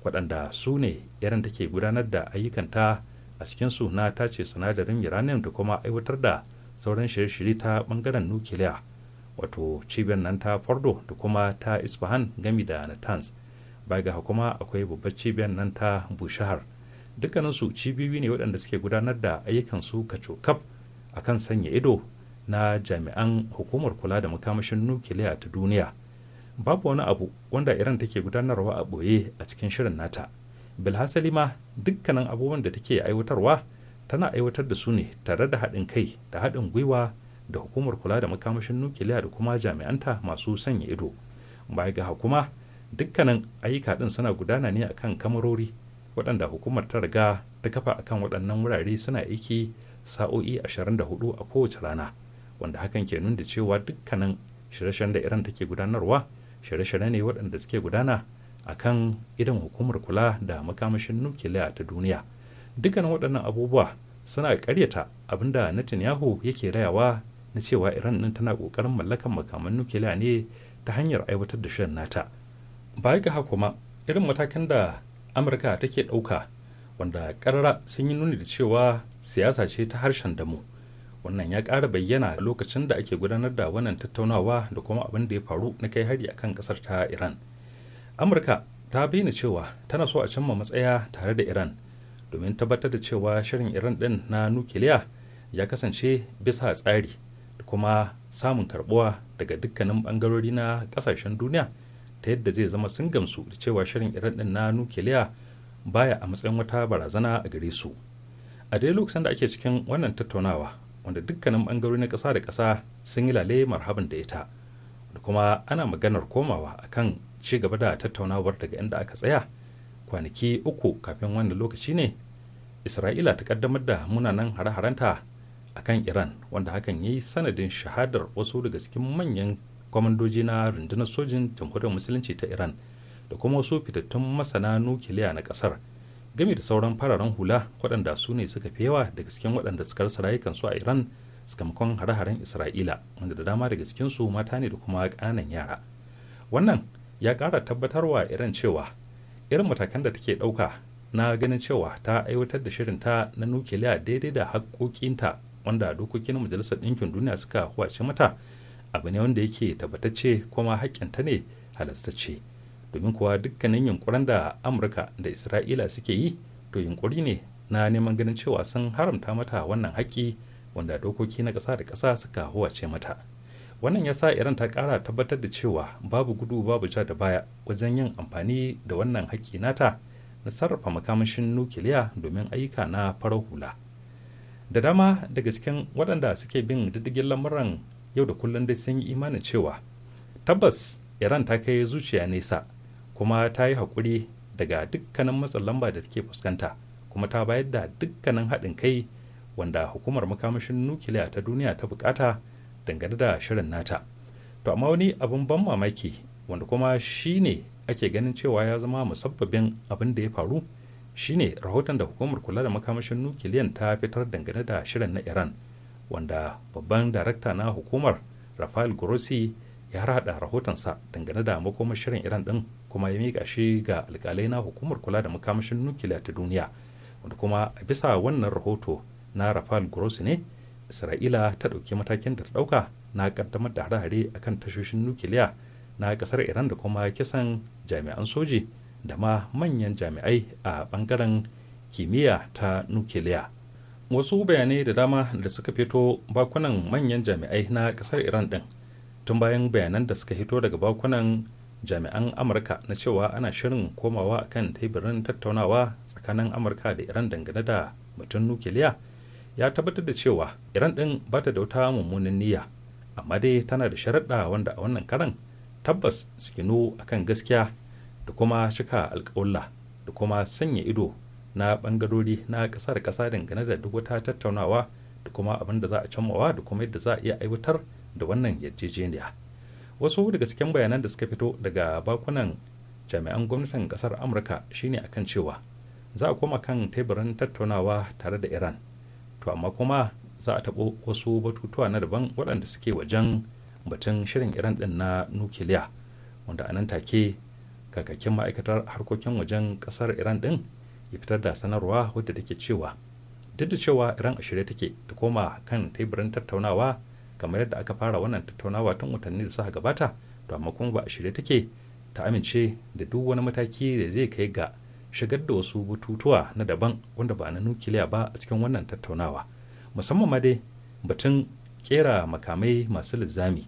waɗanda su ne iran take gudanar da ayyukanta a cikinsu na tace sinadarin uranium da kuma aiwatar da sauran shirye-shirye ta ɓangaren nukiliya wato cibiyar nan ta fardo da kuma ta isfahan gami da natanz ba ga kuma akwai babbar cibiyar nan ta bushahar dukkaninsu cibiyoyi ne waɗanda suke gudanar da ayyukan su kacokaf a kan sanya ido na jami'an hukumar kula da makamashin nukiliya ta duniya babu wani abu wanda iran take gudanarwa a ɓoye a cikin shirin nata bilhassali ma dukkanin abubuwan da take aiwatarwa tana aiwatar da su ne tare da haɗin kai da haɗin gwiwa da hukumar kula da makamashin nukiliya da kuma jami'anta masu sanya ido baya ga hukuma dukkanin ayyuka din suna gudana ne akan kamarori waɗanda hukumar ta riga ta kafa akan waɗannan wurare suna aiki sa'o'i 24 a kowace rana wanda hakan ke nuna cewa dukkanin shirye-shiryen da iran take gudanarwa shirye-shirye ne waɗanda suke gudana akan idan hukumar kula da makamashin nukiliya ta duniya dukkanin waɗannan abubuwa suna ƙaryata abinda netanyahu yake rayawa na cewa iran nan tana kokarin mallakar makaman nukiliya ne ta hanyar aiwatar da shirin nata ba ga kuma irin matakan da amurka take ɗauka wanda karara sun yi nuni da cewa siyasa ce ta harshen damu wannan ya ƙara bayyana lokacin da ake gudanar da wannan tattaunawa da kuma abin da ya faru na kai hari akan ƙasar ta iran amurka ta bayyana cewa tana so a cimma matsaya tare da iran domin tabbatar da cewa shirin iran din na nukiliya ya kasance bisa tsari da kuma samun karbuwa daga dukkanin bangarori na kasashen duniya ta yadda zai zama sun gamsu da cewa shirin iran din na nukiliya baya a matsayin wata barazana a gare su a dai lokacin da ake cikin wannan tattaunawa wanda dukkanin bangarori na kasa da kasa sun yi lale marhaban da ita da kuma ana maganar komawa akan ci gaba da tattaunawar daga inda aka tsaya kwanaki uku kafin wannan lokaci ne isra'ila ta kaddamar da munanan hare-harenta a kan iran wanda hakan ya yi sanadin shahadar wasu daga cikin manyan kwamandoji na rundunar sojin jamhuriyar musulunci ta iran da kuma wasu fitattun masana nukiliya na kasar game da sauran fararen hula waɗanda su ne suka fi yawa daga cikin waɗanda suka rasa rayukansu a iran sakamakon hare-haren isra'ila wanda da dama daga cikinsu mata ne da kuma ƙananan yara wannan ya ƙara tabbatarwa iran cewa irin matakan da take ɗauka na ganin cewa ta aiwatar da shirinta na nukiliya daidai da haƙƙoƙinta wanda dokokin majalisar ɗinkin duniya suka kwace mata abu ne wanda yake tabbatacce kuma haƙƙinta ne halastacce domin kuwa dukkanin yunkurin da amurka da isra'ila suke yi to yunkuri ne na neman ganin cewa sun haramta mata wannan haƙƙi wanda dokoki na ƙasa da ƙasa suka kwace mata wannan ya sa iran ta ƙara tabbatar da cewa babu gudu babu ja da baya wajen yin amfani da wannan haƙƙi nata na sarrafa makamashin nukiliya domin ayyuka na farar hula. da dama daga cikin waɗanda suke bin diddigin lamuran yau da kullum dai sun yi imanin cewa tabbas iran ta kai zuciya nesa kuma ta yi haƙuri daga dukkanin matsin lamba da take fuskanta kuma ta bayar da dukkanin haɗin kai wanda hukumar makamashin nukiliya ta duniya ta bukata dangane da shirin nata to amma wani abin ban mamaki wanda kuma shi ne ake ganin cewa ya zama musabbabin abin da ya faru shine rahoton da hukumar kula da makamashin nukiliyan ta fitar dangane da shirin na iran wanda babban darakta na hukumar rafael grossi ya rada rahotonsa dangane da makomar shirin iran din kuma ya mika shi ga alkalai na hukumar kula da makamashin nukiliya ta duniya wanda kuma a bisa wannan rahoto na rafael grossi ne isra'ila ta ɗauki matakin da ta ɗauka na ƙaddamar da hare-hare akan tashoshin nukiliya na ƙasar iran da kuma kisan jami'an soji da ma manyan jami'ai a bangaren kimiyya ta nukiliya wasu bayanai da dama da suka fito bakunan manyan jami'ai na kasar iran din tun bayan bayanan da suka fito daga bakunan jami'an amurka na cewa ana shirin komawa a kan teburin tattaunawa tsakanin amurka da iran dangane da batun nukiliya ya tabbatar da cewa iran din ba ta da wata mummunan niyya amma dai tana da sharaɗa wanda a wannan karan tabbas su ginu akan gaskiya da kuma shika alkawalla da kuma sanya ido na ɓangarori na ƙasar ƙasa dangane da duk wata tattaunawa da kuma abin da za a cimmawa da kuma yadda za a iya aiwatar da wannan yarjejeniya wasu daga cikin bayanan da suka fito daga bakunan jami'an gwamnatin ƙasar amurka shine akan cewa za a koma kan teburin tattaunawa tare da iran to amma kuma za a taɓo wasu batutuwa na daban waɗanda suke wajen batun shirin iran ɗin na nukiliya wanda a nan take kakakin ma'aikatar harkokin wajen kasar iran din ya fitar da sanarwa wadda take cewa duk da cewa iran a shirye take ta koma kan teburin tattaunawa kamar yadda aka fara wannan tattaunawa tun watanni da suka gabata to amma kuma ba a shirye take ta amince da duk wani mataki da zai kai ga shigar da wasu bututuwa na daban wanda ba na nukiliya ba a cikin wannan tattaunawa musamman ma dai batun kera makamai masu lizami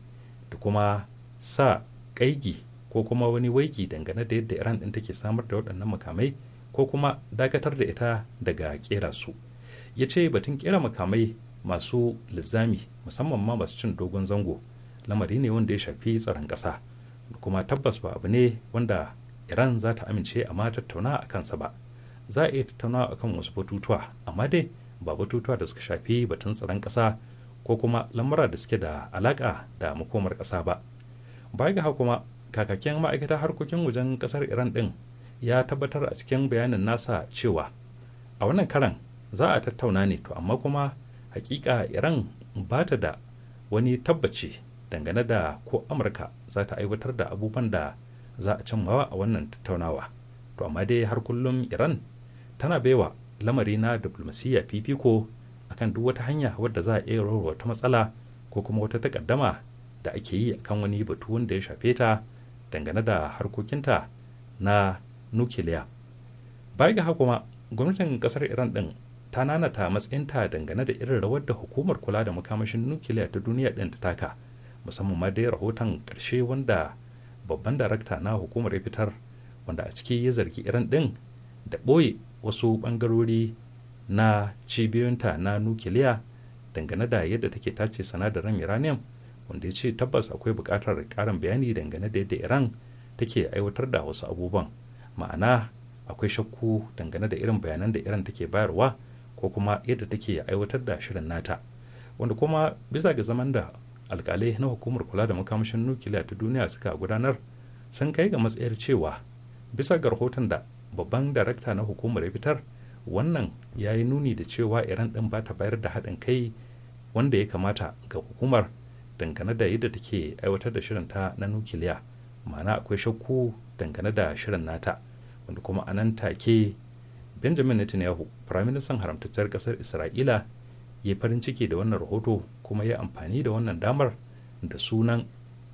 da kuma sa kaigi ko kuma wani waiki dangane da yadda iran ɗin take samar da waɗannan makamai ko kuma dakatar da ita daga kera su ya ce batun kera makamai masu lizami musamman ma masu cin dogon zango lamari ne wanda ya shafi tsaron ƙasa kuma tabbas ba abu ne wanda iran za ta amince a ma tattauna a kansa ba za a iya tattauna a kan wasu batutuwa amma dai ba batutuwa da suka shafi batun tsaron ƙasa ko kuma lamura da suke da alaƙa da makomar ƙasa ba baya ga kuma kakakken ma'aikatar harkokin wajen kasar iran din ya tabbatar a cikin bayanin nasa cewa a wannan karan za a tattauna ne to amma kuma hakika iran ba ta da wani tabbaci dangane da ko amurka za ta aiwatar da abubuwan da za a cimmawa a wannan tattaunawa to amma dai har kullum iran tana baiwa lamari na diplomasiyya fifiko akan duk wata hanya wadda za a iya wata matsala ko kuma wata takaddama da ake yi akan wani batu wanda ya shafe ta dangane da harkokinta na nukiliya baya ga kuma gwamnatin kasar iran din ta nanata matsayinta dangane da irin rawar da hukumar kula da makamashin nukiliya ta duniya din ta taka musamman ma dai rahoton ƙarshe wanda babban darakta na hukumar ya fitar wanda a ciki ya zargi iran din da ɓoye wasu ɓangarori na cibiyoyinta na nukiliya dangane da yadda take tace sinadarin uranium wanda ya ce tabbas akwai buƙatar ƙarin bayani dangane da yadda iran take aiwatar da wasu abubuwan ma'ana akwai shakku dangane da irin bayanan da iran take bayarwa ko kuma yadda take aiwatar da shirin nata wanda kuma bisa ga zaman da alkalai na hukumar kula da makamashin nukiliya ta duniya suka gudanar sun kai ga matsayar cewa bisa ga rahoton da babban darakta na hukumar ya fitar wannan ya yi nuni da cewa iran din ba ta bayar da haɗin kai wanda ya kamata ga hukumar dangane da yadda take aiwatar da shirin ta na nukiliya ma'ana akwai shakku dangane da shirin nata wanda kuma a nan take benjamin netanyahu firaministan haramtattar kasar isra'ila ya farin ciki da wannan rahoto kuma ya amfani da wannan damar da sunan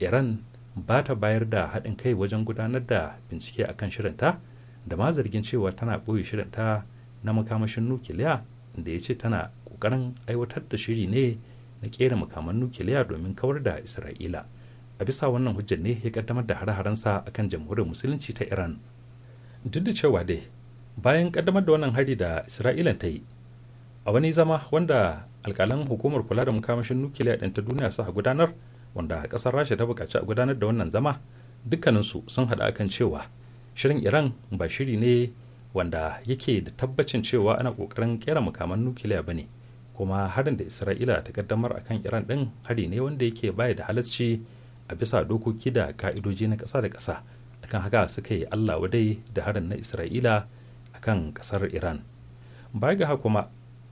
iran ba ta bayar da haɗin kai wajen gudanar da bincike akan ta da ma zargin cewa tana ɓoye shirin ta na makamashin nukiliya da ya ce tana ƙoƙarin aiwatar da shiri ne na kera makaman nukiliya domin kawar da isra'ila a bisa wannan hujjar ne ya kaddamar da har harensa a kan jamhuriyar musulunci ta iran duk da cewa dai bayan kaddamar da wannan hari da isra'ila ta yi a wani zama wanda alkalan hukumar kula da makamashin nukiliya ɗin ta duniya suka gudanar wanda ƙasar rasha ta buƙaci a gudanar da wannan zama dukkaninsu sun haɗa akan cewa shirin iran ba shiri ne wanda yake da tabbacin cewa ana ƙoƙarin kera makaman nukiliya ba ne kuma harin da isra'ila ta kaddamar a kan iran ɗin hari ne wanda yake baya da halasci a bisa dokoki da ka'idoji na ƙasa da ƙasa kan haka suka yi allah wadai da harin na isra'ila a kan ƙasar iran baya ga kuma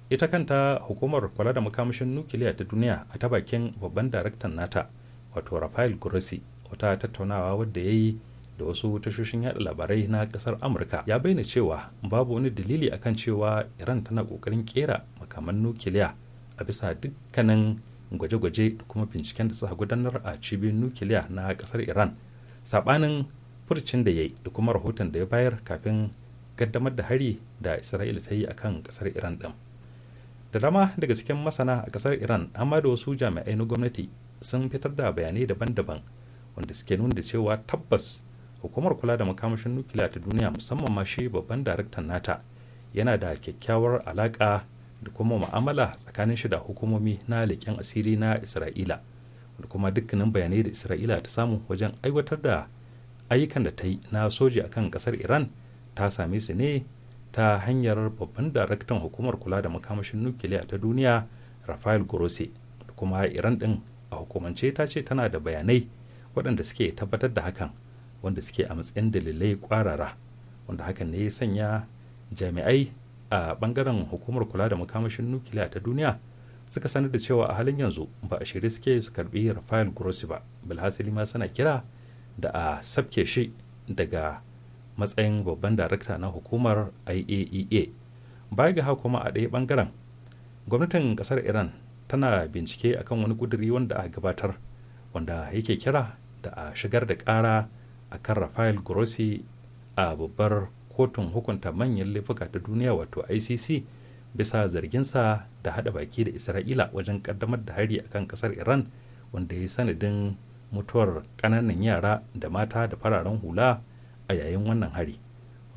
ita kanta hukumar kula da makamashin nukiliya ta duniya a ta bakin babban daraktan nata wato rafael grossi wata tattaunawa wadda ya yi da wasu tashoshin yaɗa labarai na ƙasar amurka ya bayyana cewa babu wani dalili akan cewa iran tana ƙoƙarin kera makaman nukiliya a bisa dukkanin gwaje-gwaje da kuma binciken da suka gudanar a cibiyar nukiliya na kasar iran sabanin furcin da ya yi da kuma rahoton da ya bayar kafin gaddamar da hari da isra'ila ta yi a kan kasar iran din da dama daga cikin masana a kasar iran amma da wasu jami'ai na gwamnati sun fitar da bayanai daban-daban wanda suke nuna da cewa tabbas hukumar kula da makamashin nukiliya ta duniya musamman ma shi babban daraktan nata yana da kyakkyawar alaka da kuma ma'amala tsakanin shi da hukumomi na leƙen asiri na isra'ila da kuma dukkanin bayanai da isra'ila ta samu wajen aiwatar da ayyukan da ta yi na soji akan ƙasar iran ta same su ne ta hanyar babban daraktan hukumar kula da makamashin nukiliya ta duniya rafael grossi da kuma iran din a hukumance ta ce tana da bayanai waɗanda suke tabbatar da hakan wanda suke a matsayin dalilai kwarara wanda hakan ne ya sanya jami'ai a bangaren hukumar kula da makamashin nukiliya ta duniya suka sanar da cewa a halin yanzu ba a shirye suke su karbi rafael grossi ba bilhassali ma suna kira da a sabke shi daga matsayin babban darakta na hukumar iaea e baya ga haka kuma a ɗaya bangaren gwamnatin ƙasar iran tana bincike akan wani kuduri wanda a gabatar wanda yake kira da a shigar da ƙara akan kan rafael grossi a babbar kotun hukunta manyan laifuka ta duniya wato icc bisa zarginsa da hada baki da isra'ila wajen kaddamar da hari akan kasar iran wanda ya sanadin mutuwar kananan yara da mata da fararen hula a yayin wannan hari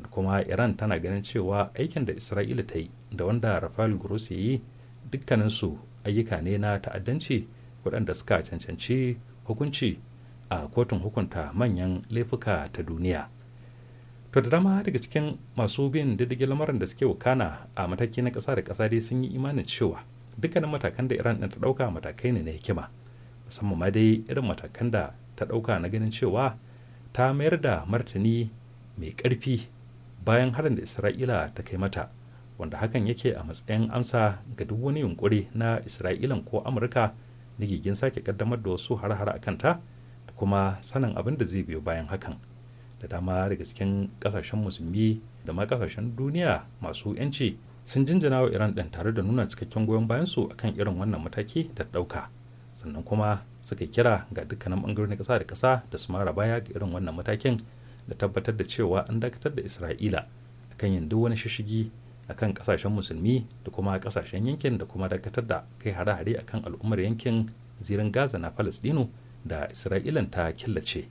kuma iran tana ganin cewa aikin da isra'ila ta yi da wanda rafael grossi ya yi dukkaninsu ayyuka ne na ta'addanci waɗanda suka cancanci hukunci a kotun hukunta manyan laifuka ta duniya. to da dama daga cikin masu bin diddigin lamarin da suke wakana a mataki na ƙasa da ƙasa dai sun yi imanin cewa dukkanin matakan da iran ɗin ta ɗauka matakai ne na hikima musamman ma dai irin matakan da ta ɗauka na ganin cewa ta mayar da martani mai ƙarfi bayan harin da isra'ila ta kai mata wanda hakan yake a matsayin amsa ga duk wani yunkuri na isra'ilan ko amurka na gigin sake kaddamar da wasu har hare a kanta da kuma sanin abin da zai biyo bayan hakan da dama daga cikin kasashen musulmi da ma kasashen duniya masu yanci sun jinjina wa iran ɗin tare da nuna cikakken goyon su akan irin wannan mataki da ɗauka sannan kuma suka kira ga dukkanin ɓangarorin ƙasa da ƙasa da su mara baya ga irin wannan matakin da tabbatar da cewa an dakatar da isra'ila akan yin duk wani shishigi akan kasashen musulmi da kuma kasashen yankin da kuma dakatar da kai hare-hare akan al'ummar yankin zirin gaza na palestino da isra'ilan ta killace.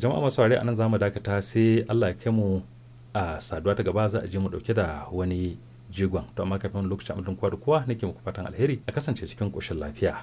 jama'a masu ware anan zamu dakata sai Allah ya kai mu a saduwa ta gaba za a je mu dauke da wani jigon to amma kafin lokacin abin kowa nake muku fatan alheri a kasance cikin koshin lafiya.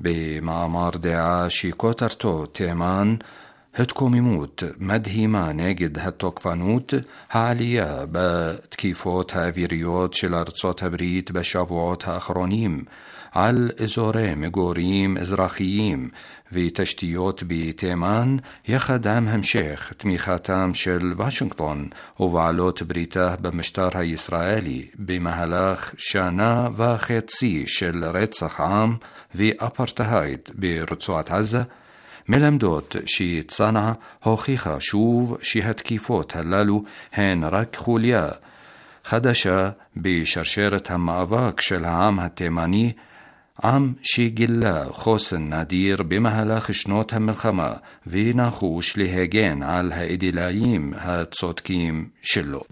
במאמר דעה שכותרתו תימן התקוממות מדהימה נגד התוקפנות, העלייה בתקיפות האוויריות של ארצות הברית בשבועות האחרונים על אזורי מגורים אזרחיים ותשתיות בתימן, יחד עם המשך תמיכתם של וושינגטון ובעלות בריתה במשטר הישראלי במהלך שנה וחצי של רצח עם, ואפרטהייד ברצועת עזה, מלמדות שצנעא הוכיחה שוב שהתקיפות הללו הן רק חוליה חדשה בשרשרת המאבק של העם התימני, עם שגילה חוסן נדיר במהלך שנות המלחמה ונחוש להגן על האידילאים הצודקים שלו.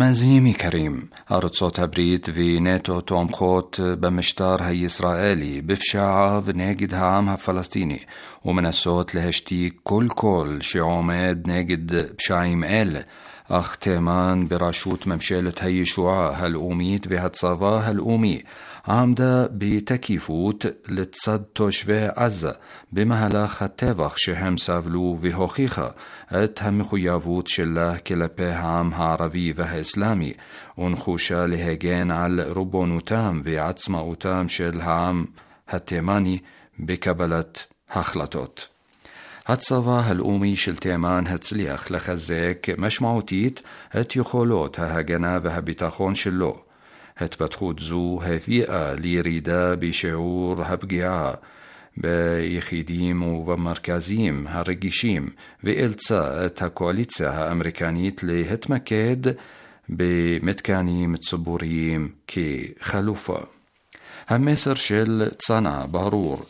منزیمی کریم صوت تبریت وی ناتو توم خوت بمشتار هي إسرائيلي بفشاعة ها فلسطینی فلسطيني ومن الصوت لهشتی كل کل شعوماد نجد بشايم آل أخ تيمان براشوت ممشالة هي شعاع هالأوميت هل هالأومي עמדה בתקיפות לצד תושבי עזה במהלך הטבח שהם סבלו והוכיחה את המחויבות שלה כלפי העם הערבי והאסלאמי ונחושה להגן על ריבונותם ועצמאותם של העם התימני בקבלת החלטות. הצבא הלאומי של תימן הצליח לחזק משמעותית את יכולות ההגנה והביטחון שלו, هتبتخوت زو هفيئة ليريدا بشعور هبجعا ביחידים ובמרכזים הרגישים ואילצה את הקואליציה האמריקנית להתמקד במתקנים ציבוריים כחלופה. המסר של צנע ברור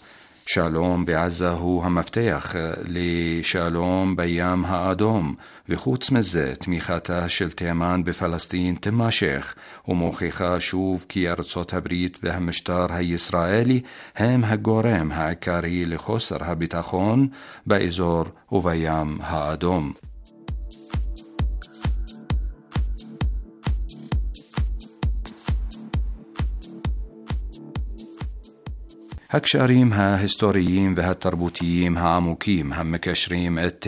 שלום בעזה הוא המפתח לשלום בים האדום, וחוץ מזה, תמיכתה של תימן בפלסטין תימשך, ומוכיחה שוב כי ארצות הברית והמשטר הישראלי הם הגורם העיקרי לחוסר הביטחון באזור ובים האדום. هكشاريم ها هستوريم وها تربوتيين ها عموكيم هم مكشريم ات